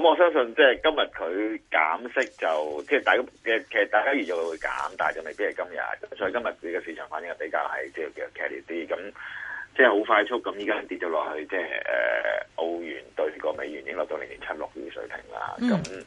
咁我相信即係今日佢減息就即係、就是、大家嘅，其實大家預咗會減，但係就未必係今日。所以今日佢嘅市場反應係比較係即係叫劇烈啲，咁即係好快速、就是。咁依家跌咗落去，即係誒澳元對個美元已經落到零點七六呢啲水平啦。咁、嗯、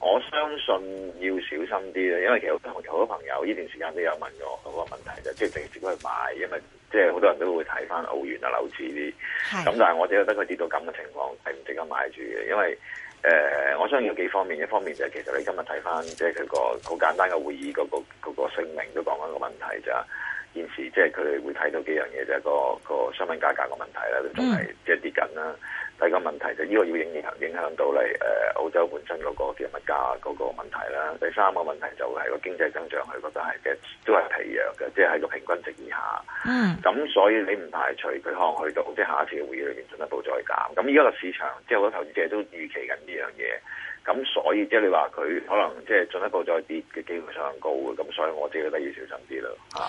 我相信要小心啲咧，因為其實好多朋友呢段時間都有問過我嗰個問題嘅，即、就、係、是、直接去買，因為即係好多人都會睇翻澳元啊樓市啲。咁是但係我只覺得佢跌到咁嘅情況係唔值得買住嘅，因為誒、呃，我相信有幾方面，一方面就係、是、其實你今日睇翻，即係佢個好簡單嘅會議嗰、那個姓名聲明都講緊個問題啫。現時即係佢哋會睇到幾樣嘢，就、那、係個、那個商品價格嘅問題啦，仲係即係跌緊啦。Mm hmm. 第一個問題就係呢個要影響影響到你誒、呃、澳洲本身嗰個嘅物價嗰個問題啦。第三個問題就係個經濟增長，佢覺得係嘅都係疲弱嘅，即係喺個平均值以下。嗯。咁所以你唔排除佢可能去到即係、就是、下一次嘅會議裏面進一步再減。咁而家個市場即係好多投資者都預期緊呢樣嘢。咁所以即係你話佢可能即係進一步再跌嘅機會上高。咁所以我自己都要小心啲咯。啊。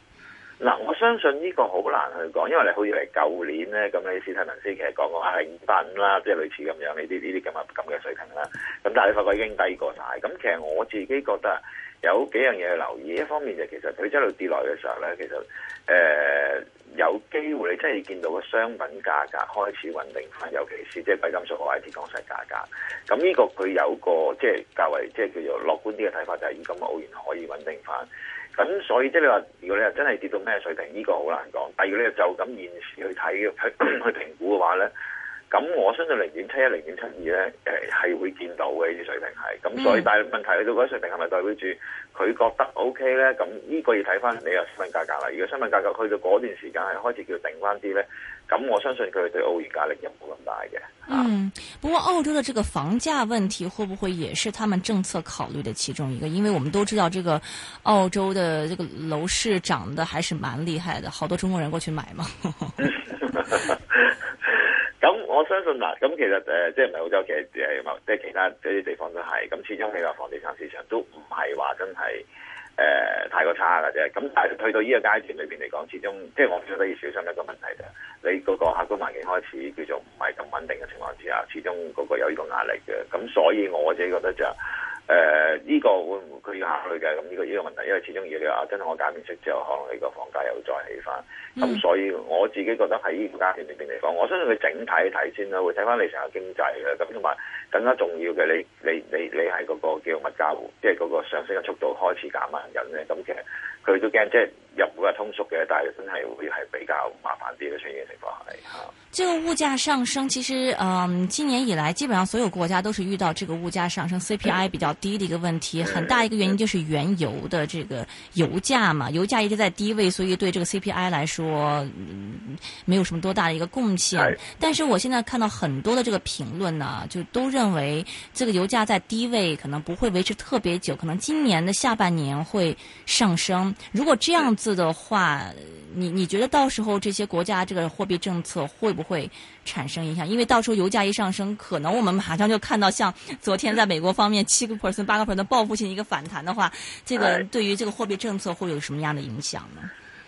嗱，我相信呢個好難去講，因為你好似嚟舊年咧，咁你史泰文斯其實講過係五百啦，即係類似咁樣呢啲呢啲咁嘅咁嘅水平啦。咁但係你發覺已經低過晒，咁其實我自己覺得有幾樣嘢去留意。一方面就其實佢一路跌落嘅時候咧，其實誒、呃、有機會你真係見到個商品價格開始穩定翻，尤其是即係貴金屬同 I T 東西價格。咁呢個佢有個即係較為即係叫做樂觀啲嘅睇法，就係依金澳元可以穩定翻。咁所以即係你話如果你又真係跌到咩水平，呢個好難講。第二，你就咁現時去睇去 去評估嘅話咧。咁我相信 0. 71, 0.，零點七一、零點七二咧，誒係會見到嘅呢啲水平係。咁所以，但係問題去到嗰水平係咪代表住佢覺得 O K 咧？咁呢個要睇翻你嘅商品價格啦。如果商品價格去到嗰段時間係開始叫定翻啲咧，咁我相信佢對澳元壓力就冇咁大嘅。嗯，啊、不過澳洲嘅這個房價問題，會唔會也是他們政策考慮的其中一個？因為我們都知道，這個澳洲的這個樓市漲得還是蠻厲害的，好多中國人過去買嘛。呵呵 我相信嗱，咁其實誒，即係唔係澳洲，其實即係其他一啲地方都係，咁始終你話房地產市場都唔係話真係誒、呃、太過差嘅啫。咁但係去到呢個階段裏邊嚟講，始終即係、就係、我唔覺得要小心一個問題就係，你嗰個客觀環境開始叫做唔係咁穩定嘅情況之下，始終嗰個有呢個壓力嘅。咁所以我自己覺得就係。誒呢、呃這個會唔會要下去嘅？咁呢個呢個問題，因為始終如果你話真係我減息之後，可能你個房價又會再起翻，咁、嗯、所以我自己覺得喺呢個階段嚟講，我相信佢整體睇先啦，會睇翻你成個經濟嘅，咁同埋更加重要嘅，你你你你係嗰個叫物價，即係嗰個上升嘅速度開始減慢緊嘅。咁其實佢都驚即係。就是日本係通縮嘅，但係真係會係比較麻煩啲嘅出現情況。係，啊，這個物價上升，其實嗯、呃，今年以來基本上所有國家都是遇到這個物價上升，CPI、嗯、比較低的一個問題。嗯、很大一個原因就是原油的這個油價嘛，嗯、油價一直在低位，所以對這個 CPI 來說，嗯，沒有什麼多大的一個貢獻。嗯、但是，我現在看到很多的這個評論呢，就都認為這個油價在低位可能不會維持特別久，可能今年的下半年會上升。如果這樣，嗯。字的話，你你覺得到時候這些國家這個貨幣政策會不會產生影響？因為到時候油價一上升，可能我們馬上就看到像昨天在美國方面七個 percent、八個 percent 的報復性一個反彈的話，這個對於這個貨幣政策會有什麼樣的影響呢？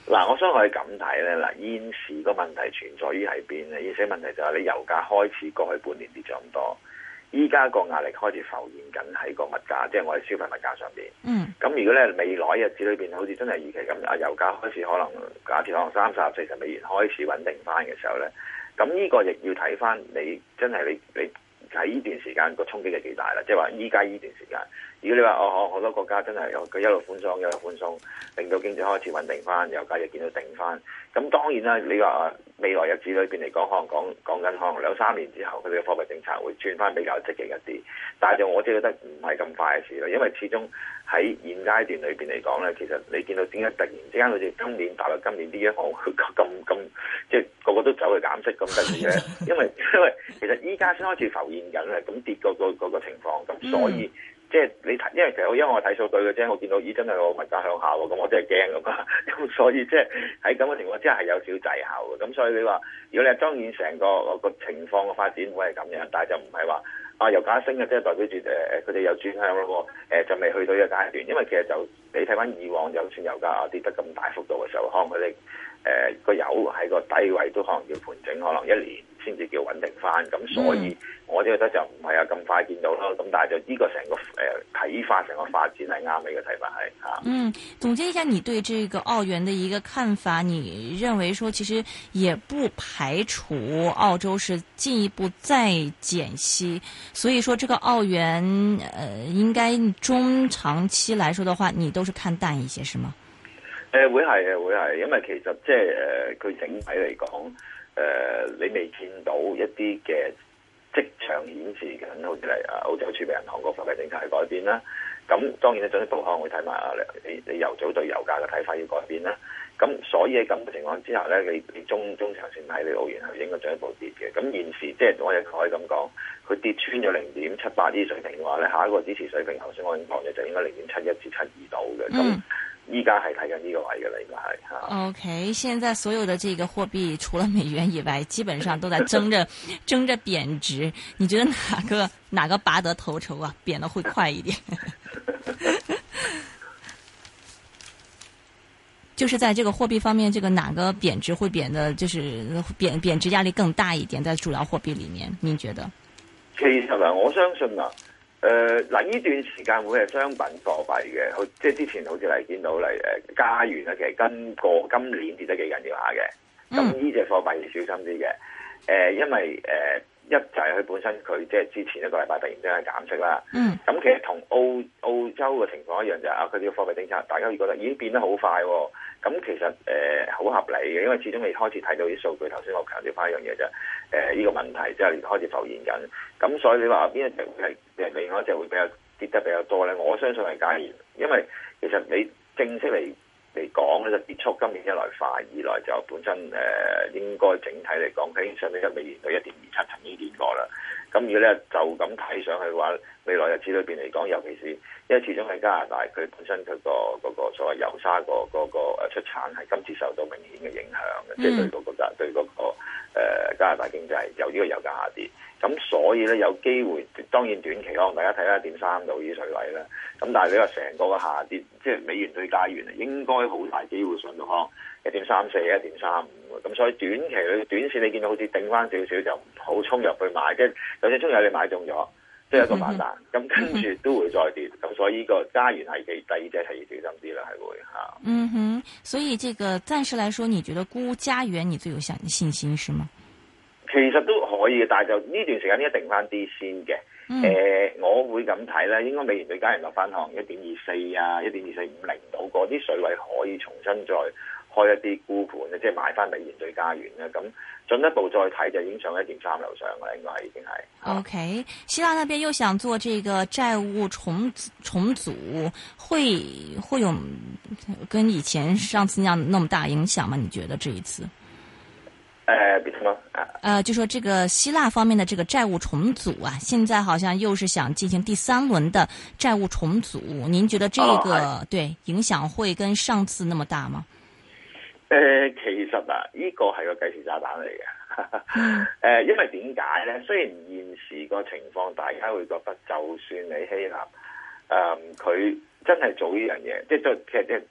嗱，我想可以咁睇呢嗱，現時個問題存在於喺邊咧？有些問題就係你油價開始過去半年跌咗咁多。依家個壓力開始浮現緊喺個物價，即係我哋消費物價上邊。嗯。咁如果咧未來日子裏邊，好似真係預期咁，啊油價開始可能，假設可能三十、四十美元開始穩定翻嘅時候咧，咁呢個亦要睇翻你真係你你喺呢段時間個衝擊係幾大啦，即係話依家呢段時間。如果你話哦哦，好多國家真係佢一路寬鬆，一路寬鬆，令到經濟開始穩定翻，油價又繼續見到定翻。咁當然啦，你話未來日子裏邊嚟講，可能講講緊，可能兩三年之後，佢哋嘅貨幣政策會轉翻比較積極一啲。但係就我覺得唔係咁快嘅事啦，因為始終喺現階段裏邊嚟講咧，其實你見到點解突然之間好似今年大陸今年呢一行咁咁，即係個個都走去減息咁突然嘅？因為因為其實依家先開始浮現緊咧，咁跌嗰個嗰個情況，咁所以。嗯。即係你睇，因為其實因為我睇數據嘅啫，我見到咦真係個物價向下喎，咁我真係驚咁啊，咁 所以即係喺咁嘅情況之下係有少少滯後嘅，咁所以你話如果你係當然成個個情況嘅發展會係咁樣，但係就唔係話啊油價升嘅，即係代表住誒佢哋有轉向咯喎，呃呃，就未去到呢個階段，因為其實就你睇翻以往就算油價跌得咁大幅度嘅時候，可能佢哋誒個油喺個低位都可能要盤整可能一年。先至、嗯、叫穩定翻，咁所以我覺得就唔係啊咁快見到咯。咁但係就呢個成個誒睇法，成、呃、個發展係啱你嘅睇法係吓。嗯，總結一下你對這個澳元嘅一個看法，你認為說其實也不排除澳洲是進一步再減息，所以說這個澳元，呃應該中長期來說的話，你都是看淡一些，是嗎？誒、呃、會係誒會係，因為其實即係誒佢整體嚟講。誒、呃，你未見到一啲嘅跡象顯示緊，好似嚟澳洲儲備銀行個貨幣政策係改變啦。咁、啊、當然你進一步可能會睇埋啊，你你，你油早對油價嘅睇法要改變啦。咁、啊啊、所以喺咁嘅情況之下咧，你你中中長線睇你澳元係應該進一步跌嘅。咁、啊、現時即係我亦可以咁講，佢跌穿咗零點七八啲水平嘅話咧，下一個支持水平頭先我講嘅就應該零點七一至七二度嘅咁。啊嗯依家係睇緊呢個位嘅啦，應該係。OK，現在所有的這個貨幣除了美元以外，基本上都在爭着爭 着貶值。你覺得哪個哪個拔得頭籌啊？貶得會快一點？ 就是在這個貨幣方面，這個哪個貶值會貶得就是貶貶值壓力更大一點？在主要貨幣裏面，你覺得？其實啊，我相信啊。誒嗱，呢，呃、段時間會係商品貨幣嘅，即係之前好似嚟見到嚟，誒，加元咧其實跟過今年跌得幾緊要下嘅。咁呢隻貨幣要小心啲嘅，誒、呃，因為誒。呃一就係佢本身，佢即係之前一個禮拜突然之間減息啦。嗯，咁其實同澳澳洲嘅情況一樣就係啊，佢啲貨幣政策，大家會覺得已經變得好快、哦，咁其實誒好、呃、合理嘅，因為始終你開始睇到啲數據。頭先我強調翻一樣嘢就係誒呢個問題，即、就、係、是、開始浮現緊。咁所以你話邊一隻會係另外一隻會比較跌得比較多咧？我相信係加元，因為其實你正式嚟嚟講咧就結束，今年一來快，二來就本身誒、呃、應該整體嚟講，基本上都一美元到一點二七，曾經見過啦。咁如果咧就咁睇上去嘅話。未來日子裏邊嚟講，尤其是因為始終喺加拿大，佢本身佢、那個嗰所謂油沙個嗰、那個出產，係今次受到明顯嘅影響嘅，mm. 即係對嗰、那個對嗰、那個誒、呃、加拿大經濟，由呢個油價下跌，咁所以咧有機會，當然短期咯，大家睇下一點三到二水位啦。咁但係你話成個個下跌，即係美元對加元啊，應該好大機會上到去一點三四、一點三五，咁所以短期裏、短線你見到好似頂翻少少，就唔好衝入去買，即係有隻衝入你買中咗。.即係一個反彈，咁跟住都會再跌，咁所以呢個家園係幾低，即係要小心啲啦，係會吓。嗯哼，所以這個暫時來說，你覺得沽家園你最有信信心是嗎？其實都可以，但係就呢段時間一定翻啲先嘅。誒、呃，我會咁睇咧，應該美元對家園就翻行一點二四啊，一點二四五零度嗰啲水位可以重新再。開一啲沽盤咧，即係買翻嚟現兌加元咧，咁進一步再睇就已影上一件三樓上啦，應該已經係。O K. 希臘那邊又想做這個債務重組，重組會會有跟以前上次那樣那麼大影響嗎？你覺得這一次？誒、呃，冇啊。呃，就說這個希臘方面的這個債務重組啊，現在好像又是想進行第三輪的債務重組，您覺得這個、啊、對影響會跟上次那麼大嗎？誒，其實啊，呢個係個計時炸彈嚟嘅。誒，因為點解咧？雖然現時個情況，大家會覺得就算你希臘，誒、嗯，佢。真係做呢樣嘢，即係做其實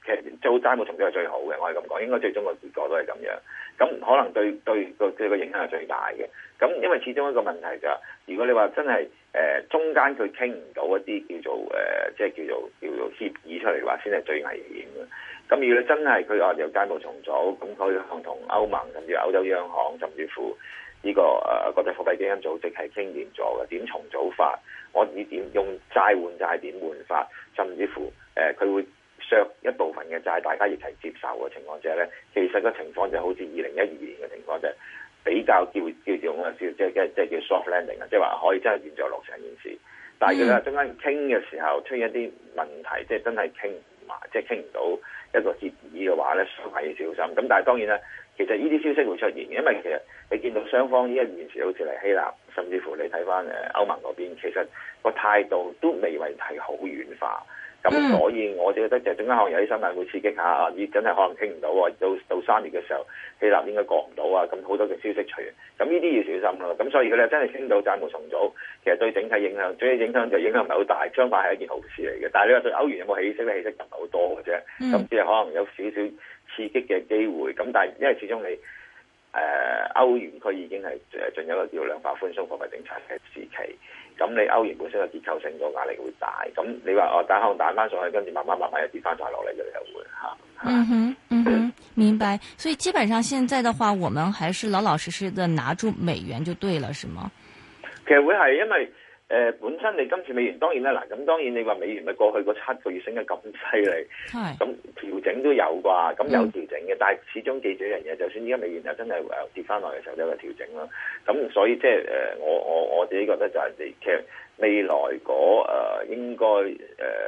做債務重組係最好嘅，我係咁講，應該最終個結果都係咁樣。咁可能對對個影響係最大嘅。咁因為始終一個問題就係、是，如果你話真係誒、呃、中間佢傾唔到一啲叫做誒、呃、即係叫做叫做協議出嚟嘅話，先係最危險嘅。咁如果你真係佢話由債務重組，咁佢同同歐盟甚至歐洲央行甚至乎。呢、這個誒國際貨幣基金組織係傾掂咗嘅點重組法，我以點用債換債點換法，甚至乎誒佢、呃、會削一部分嘅債，大家亦係接受嘅情況之下咧，其實個情況就好似二零一二年嘅情況、就是，就比較叫叫做點啊，叫即係即係叫 soft landing 啊，即係話可以真係現在落成件事。但係佢咧中間傾嘅時候，出現一啲問題，即係真係傾唔埋，即係傾唔到一個協議嘅話咧，係要小心。咁但係當然啦，其實呢啲消息會出現嘅，因為其實。你見到雙方依一連串好似嚟希臘，甚至乎你睇翻誒歐盟嗰邊，其實個態度都未為係好軟化，咁所以我就覺得就陣間可能有啲新聞會刺激下，你真係可能傾唔到啊！到到三月嘅時候，希臘應該過唔到啊！咁好多嘅消息出，咁呢啲要小心咯。咁所以佢咧真係傾到債務重組，其實對整體影響，總之影響就影響唔係好大。相反係一件好事嚟嘅，但係你話對歐元有冇起色咧？起色就唔係好多嘅啫，甚至係可能有少少刺激嘅機會。咁但係因為始終你。誒歐元區已經係誒進入一個叫量化寬鬆貨幣政策嘅時期，咁你歐元本身嘅結構性個壓力會大，咁你話我打開打翻上去，跟住慢慢慢慢又跌翻晒落嚟嘅又會嚇。嗯哼，嗯哼，明白。所以基本上，現在嘅話，我們還是老老實實的拿住美元就對了，是嗎？其、嗯嗯、實會係因為。誒、呃、本身你今次美元當然啦，嗱咁當然你話美元咪過去個七個月升得咁犀利，咁調整都有啩，咁有調整嘅，嗯、但係始終記住一樣嘢，就算依家美元又真係誒跌翻落嚟嘅時候都有個調整咯，咁所以即係誒我我我自己覺得就係、是、你其實。未來嗰誒、呃、應該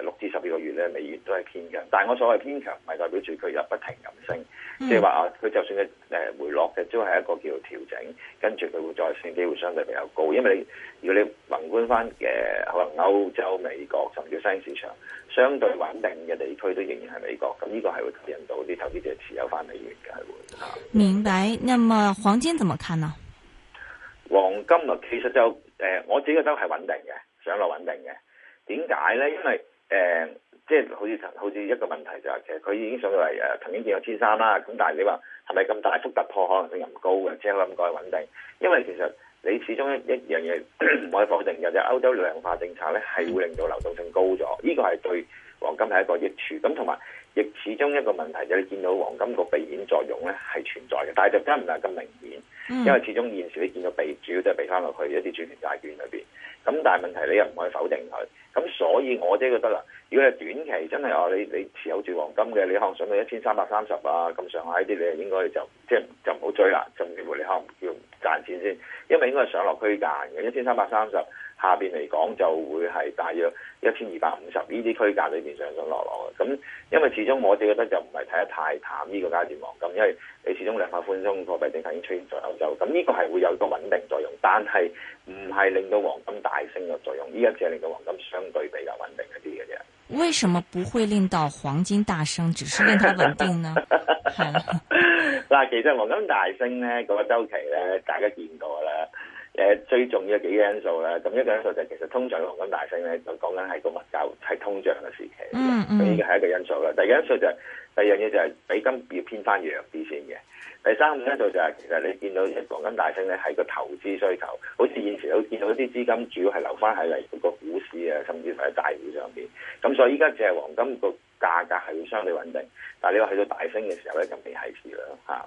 六至十二個月咧，美元都係偏強嘅。但係我所謂偏強唔係代表住佢又不停咁升，即係話啊，佢就，就算嘅誒回落嘅，都係一個叫做調整，跟住佢會再升機會相對比較高。因為你如果你宏觀翻嘅，可能歐洲、美國甚至於新市場，相對穩定嘅地區都仍然係美國，咁呢、嗯、個係會吸引到啲投資者持有翻美元嘅。係會明白。那麼黃金怎麼看呢？黃金啊，其實就誒、呃，我自己覺得係穩定嘅。想落穩定嘅，點解咧？因為誒，即、呃、係、就是、好似好似一個問題就係、是、其實佢已經上、呃、到嚟誒，曾經見有千三啦。咁但係你話係咪咁大幅突破可能性咁高嘅？即係我諗過穩定，因為其實你始終一樣嘢，唔可以否定嘅就歐洲量化政策咧係會令到流動性高咗，呢個係對黃金係一個益處。咁同埋亦始終一個問題就係、是、見到黃金個避險作用咧係存在嘅，但係就真唔係咁明顯，嗯、因為始終現時你見到避主要都係避翻落去一啲主權債券裏邊。咁但係問題，你又唔可以否定佢。咁所以我即係覺得啦，如果你短期真係話你你持有住黃金嘅，你可能上到一千三百三十啊，咁上下呢啲，你應該就即係就唔好追啦，甚至乎你可能叫賺錢先，因為應該係上落區間嘅一千三百三十。下邊嚟講就會係大約一千二百五十呢啲區間裏邊上上落落咁，因為始終我自己覺得就唔係睇得太淡呢個階段黃金，因為你始終兩百寬鬆貨幣政策已經出現在歐洲，咁呢個係會有一個穩定作用，但係唔係令到黃金大升嘅作用，依家只係令到黃金相對比較穩定一啲嘅啫。為什麼不會令到黃金大升，只是令它穩定呢？嗱，其實黃金大升咧，嗰個週期咧，大家見到啦。誒，最重要嘅幾個因素咧，咁一個因素就係、是、其實通脹黃金大升咧，就講緊係個物價係通脹嘅時期，呢依個係一個因素啦、就是。第二個因素就係第二樣嘢就係比金要偏翻弱啲先嘅。第三個因素就係、是、其實你見到黃金大升咧，係個投資需求，好似以前都見到啲資金主要係留翻喺嚟個股市啊，甚至係大股上邊。咁所以依家淨係黃金個價格係會相對穩定，但係你話去到大升嘅時候咧，咁未係事啦嚇。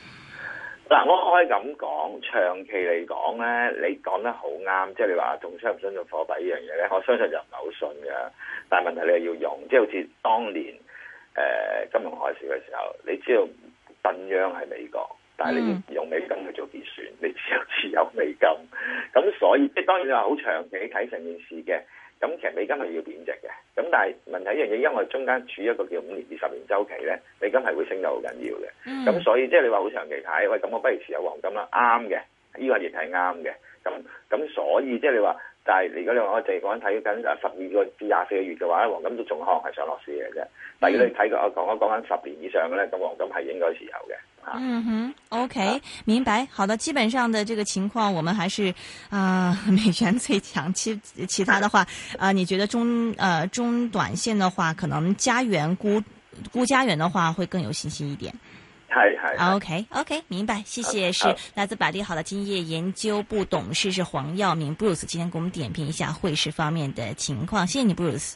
嗱，我可以咁講，長期嚟講咧，你講得好啱，即係你話仲相唔相信貨幣呢樣嘢咧？我相信就唔係好信嘅。但係問題你係要用，即係好似當年誒、呃、金融海嘯嘅時候，你知道震央係美國，但係你用美金去做結算，你只有持有美金。咁所以即係當然你話好長期睇成件事嘅。咁其實美金係要貶值嘅，咁但係問題一樣嘢，因為中間處一個叫五年至十年週期咧，美金係會升得好緊要嘅，咁、嗯、所以即係你話好長期睇，喂咁我不如持有黃金啦，啱嘅，呢、這個亦係啱嘅，咁咁所以即係你話。但係如果你話我哋講緊睇緊啊十二個至廿四個月嘅話咧，黃金都仲可能係上落市嘅啫。但如果你睇過我講講講緊十年以上嘅咧，咁黃金係應該持有嘅。啊、嗯哼，OK，、啊、明白，好的，基本上的這個情況，我們還是啊美元最強，其其他的話啊、呃，你覺得中呃中短線的話，可能加元估估加元的話會更有信心一點。係係，OK OK，明白，謝謝，uh, 是，uh、來自百利好的金業研究部董事是黃耀明 Bruce，今天給我們點評一下匯市方面的情況，謝謝你 Bruce。